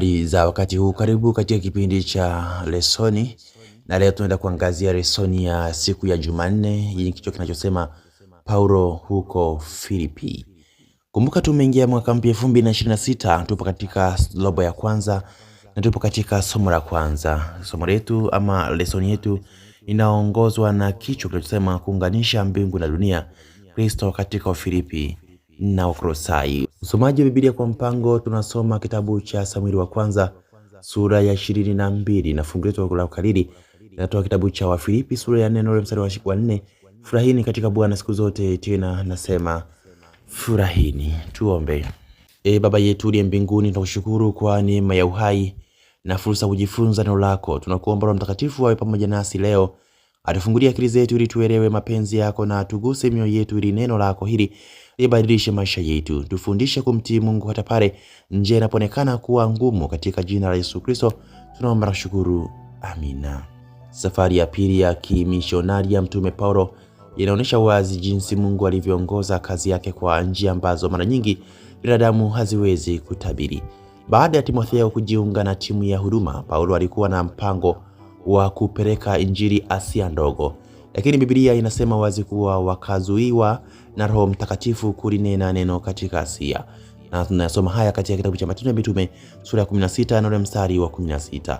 habari za wakati huu. Karibu katika kipindi cha lesoni, na leo tunaenda kuangazia lesoni ya siku ya Jumanne yenye kichwa kinachosema Paulo huko Filipi. Kumbuka tumeingia mwaka mpya 2026 tupo katika robo ya kwanza na tupo katika somo la kwanza. Somo letu ama lesoni yetu inaongozwa na kichwa kinachosema kuunganisha mbingu na dunia, Kristo katika Ufilipi na Wakolosai. Usomaji wa Biblia kwa mpango, tunasoma kitabu cha Samueli wa kwanza sura ya ishirini na mbili na fungu letu la ukariri linatoa kitabu cha Wafilipi sura ya nne na ule mstari wa nne furahini katika Bwana siku zote, tena nasema furahini. Tuombe. E Baba yetu uliye mbinguni, tunakushukuru kwa neema ya uhai na fursa kujifunza neno lako. Tunakuomba Roho Mtakatifu awe pamoja nasi leo atufungulie akili zetu ili tuelewe mapenzi yako na atuguse mioyo yetu ili neno lako hili libadilishe maisha yetu. Tufundishe kumtii Mungu hata pale nje inapoonekana kuwa ngumu. Katika jina la Yesu Kristo tunaomba na shukuru, amina. Safari ya pili ya kimishonari ya Mtume Paulo inaonyesha wazi jinsi Mungu alivyoongoza kazi yake kwa njia ambazo mara nyingi binadamu haziwezi kutabiri. Baada ya Timotheo kujiunga na timu ya huduma, Paulo alikuwa na mpango wa kupeleka injili Asia Ndogo, lakini Biblia inasema wazi kuwa wakazuiwa na Roho Mtakatifu kulinena neno katika Asia, na tunasoma haya katika kitabu cha Matendo ya Mitume sura ya 16 na ule mstari wa 16.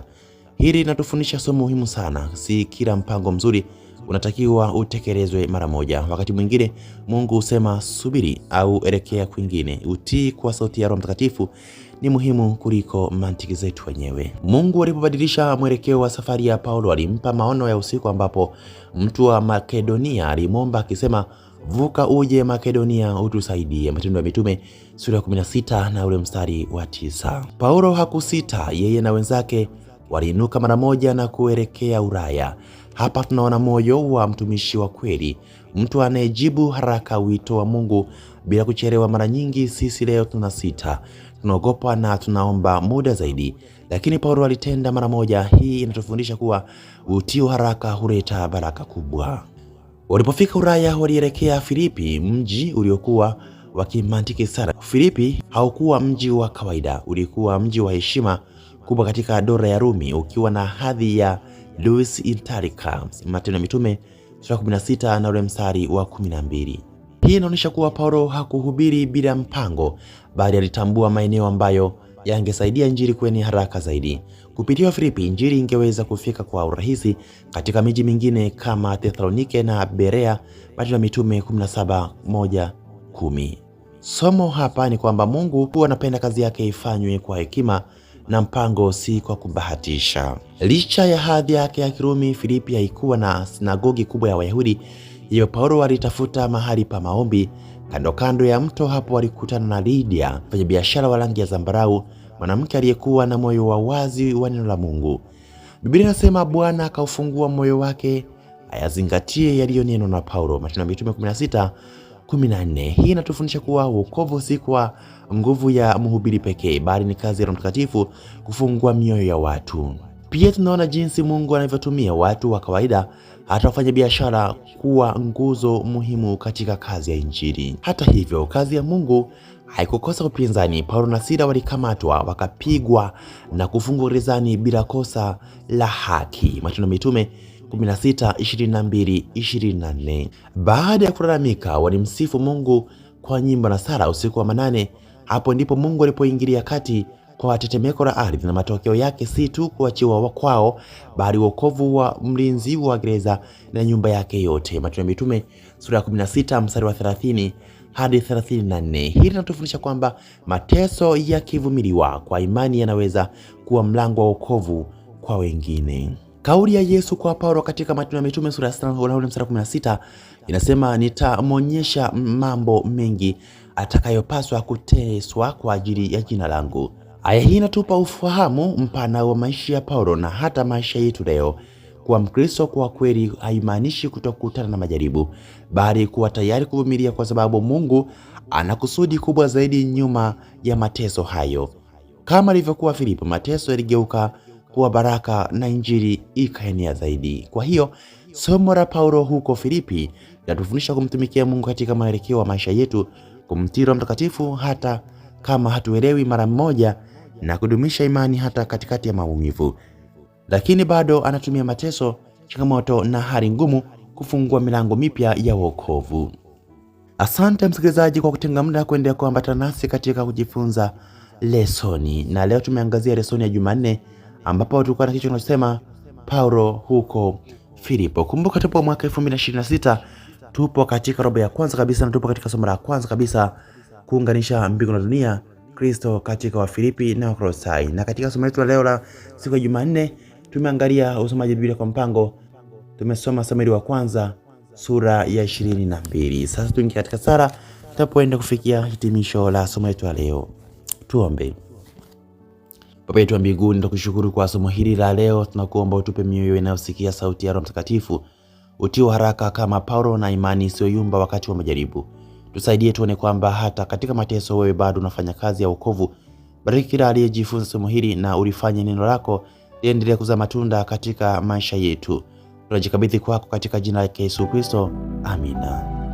Hili linatufundisha somo muhimu sana. Si kila mpango mzuri unatakiwa utekelezwe mara moja. Wakati mwingine Mungu husema subiri, au elekea kwingine. Utii kwa sauti ya Roho Mtakatifu ni muhimu kuliko mantiki zetu wenyewe. Mungu alipobadilisha mwelekeo wa safari ya Paulo, alimpa maono ya usiku ambapo mtu wa Makedonia alimwomba akisema, vuka uje Makedonia utusaidie. Matendo ya Mitume sura ya 16 na ule mstari wa tisa. Paulo hakusita, yeye na wenzake waliinuka mara moja na kuelekea Ulaya. Hapa tunaona moyo wa mtumishi wa kweli, mtu anayejibu haraka wito wa Mungu bila kuchelewa. Mara nyingi sisi leo tunasita, tunaogopa na tunaomba muda zaidi, lakini Paulo alitenda mara moja. Hii inatufundisha kuwa utio haraka huleta baraka kubwa. Walipofika Ulaya, walielekea Filipi, mji uliokuwa wa kimantiki sana. Filipi haukuwa mji wa kawaida, ulikuwa mji wa heshima kubwa katika dola ya Rumi, ukiwa na hadhi ya Deus Italicum, Matendo ya Mitume sura 16 na ule mstari wa 12. Hii inaonyesha kuwa Paulo hakuhubiri bila mpango, bali alitambua maeneo ambayo yangesaidia injili kuenea haraka zaidi. Kupitia Filipi, injili ingeweza kufika kwa urahisi katika miji mingine kama Thessalonike na Berea. Matendo ya Mitume 17:1-10. Somo hapa ni kwamba Mungu huwa anapenda kazi yake ifanywe kwa hekima na mpango, si kwa kubahatisha. Licha ya hadhi yake ya Kirumi, Filipi haikuwa na sinagogi kubwa ya Wayahudi hivyo Paulo alitafuta mahali pa maombi kando kando ya mto. Hapo alikutana na Lidia, mfanyabiashara wa rangi ya zambarau, mwanamke aliyekuwa na moyo wa wazi wa neno la Mungu. Biblia inasema Bwana akaufungua moyo wake ayazingatie neno na Paulo, Matendo ya Mitume 16 14. Hii inatufundisha kuwa wokovu si kwa nguvu ya mhubiri pekee, bali ni kazi ya Roho Mtakatifu kufungua mioyo ya watu. Pia tunaona jinsi Mungu anavyotumia watu wa kawaida hata wafanyabiashara biashara kuwa nguzo muhimu katika kazi ya Injili. Hata hivyo, kazi ya Mungu haikukosa upinzani. Paulo na Sila walikamatwa, wakapigwa na kufungwa gerezani bila kosa la haki. Matendo Mitume 1622 24. Baada ya kulalamika, walimsifu Mungu kwa nyimbo na sala usiku wa manane. Hapo ndipo Mungu alipoingilia kati kwa tetemeko la ardhi na matokeo yake si tu kuachiwa wa kwao, bali wokovu wa mlinzi wa gereza na nyumba yake yote. Matendo ya Mitume sura ya 16 mstari wa 30 hadi 34. Hili linatufundisha kwamba mateso yakivumiliwa kwa imani yanaweza kuwa mlango wa wokovu kwa wengine. Kauli ya Yesu kwa Paulo katika Matendo ya Mitume sura ya 6 mstari wa 16 inasema, nitamwonyesha mambo mengi atakayopaswa kuteswa kwa ajili ya jina langu. Aya hii inatupa ufahamu mpana wa maisha ya Paulo na hata maisha yetu leo. Kuwa Mkristo kwa kweli haimaanishi kutokutana na majaribu, bali kuwa tayari kuvumilia, kwa sababu Mungu ana kusudi kubwa zaidi nyuma ya mateso hayo. Kama alivyokuwa Filipo, mateso yaligeuka kuwa baraka na injili ikaenea zaidi. Kwa hiyo somo la Paulo huko Filipi linatufundisha kumtumikia Mungu katika maelekeo wa maisha yetu, kumtii Roho Mtakatifu hata kama hatuelewi mara moja na kudumisha imani hata katikati ya maumivu, lakini bado anatumia mateso, changamoto na hali ngumu kufungua milango mipya ya wokovu. Asante msikilizaji kwa kutenga muda kuendelea kuambatana nasi katika kujifunza lesoni, na leo tumeangazia lesoni ya Jumanne ambapo tulikuwa na kichwa kinachosema Paulo huko Filipo. Kumbuka tupo mwaka 2026, tupo katika robo ya kwanza kabisa na tupo katika somo la kwanza kabisa kuunganisha mbingu na dunia Kristo katika Wafilipi na Wakolosai. Na katika somo letu la leo la siku ya Jumanne tumeangalia usomaji Biblia kwa mpango. Tumesoma Samweli wa kwanza sura ya ishirini na mbili. Sasa tuingie katika sala tutapoenda kufikia hitimisho la somo letu la leo. Tuombe. Baba yetu wa mbinguni, tunakushukuru kwa somo hili la leo. Tunakuomba utupe mioyo inayosikia sauti ya Roho Mtakatifu, utiwa haraka kama Paulo na imani isiyoyumba wakati wa majaribu Tusaidie tuone kwamba hata katika mateso wewe bado unafanya kazi ya wokovu. Bariki kila aliyejifunza somo hili na ulifanye neno lako liendelee kuzaa matunda katika maisha yetu. Tunajikabidhi kwako katika jina la Yesu Kristo, amina.